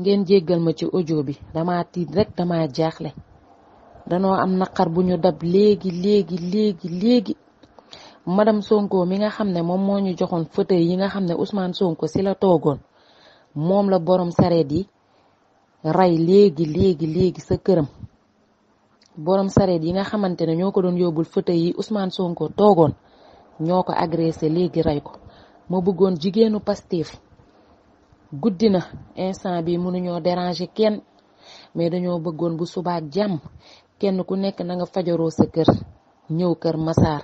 ngeen jéggal ma ci audio bi dama tiit rek dama jaaxle danoo am naqar bu ñu dab léegi léegi léegi léegi madame Sonko mi nga xam ne moom moo ñu joxoon fauteuil yi nga xam ne Ousmane Sonko si la toogoon moom la borom sareet yi rey léegi léegi sa këram borom sareet yi nga xamante ne ñoo ko doon yóbbul fauteuil yi Ousmane Sonko toogoon ñoo ko agressé léegi rey ko ma bëggoon jigéenu pastif guddi na instant bi mënuñoo déranger kenn mais dañoo bëggoon bu subaa jàmm kenn ku nekk na nga fajaroo sa kër ñëw kër Massar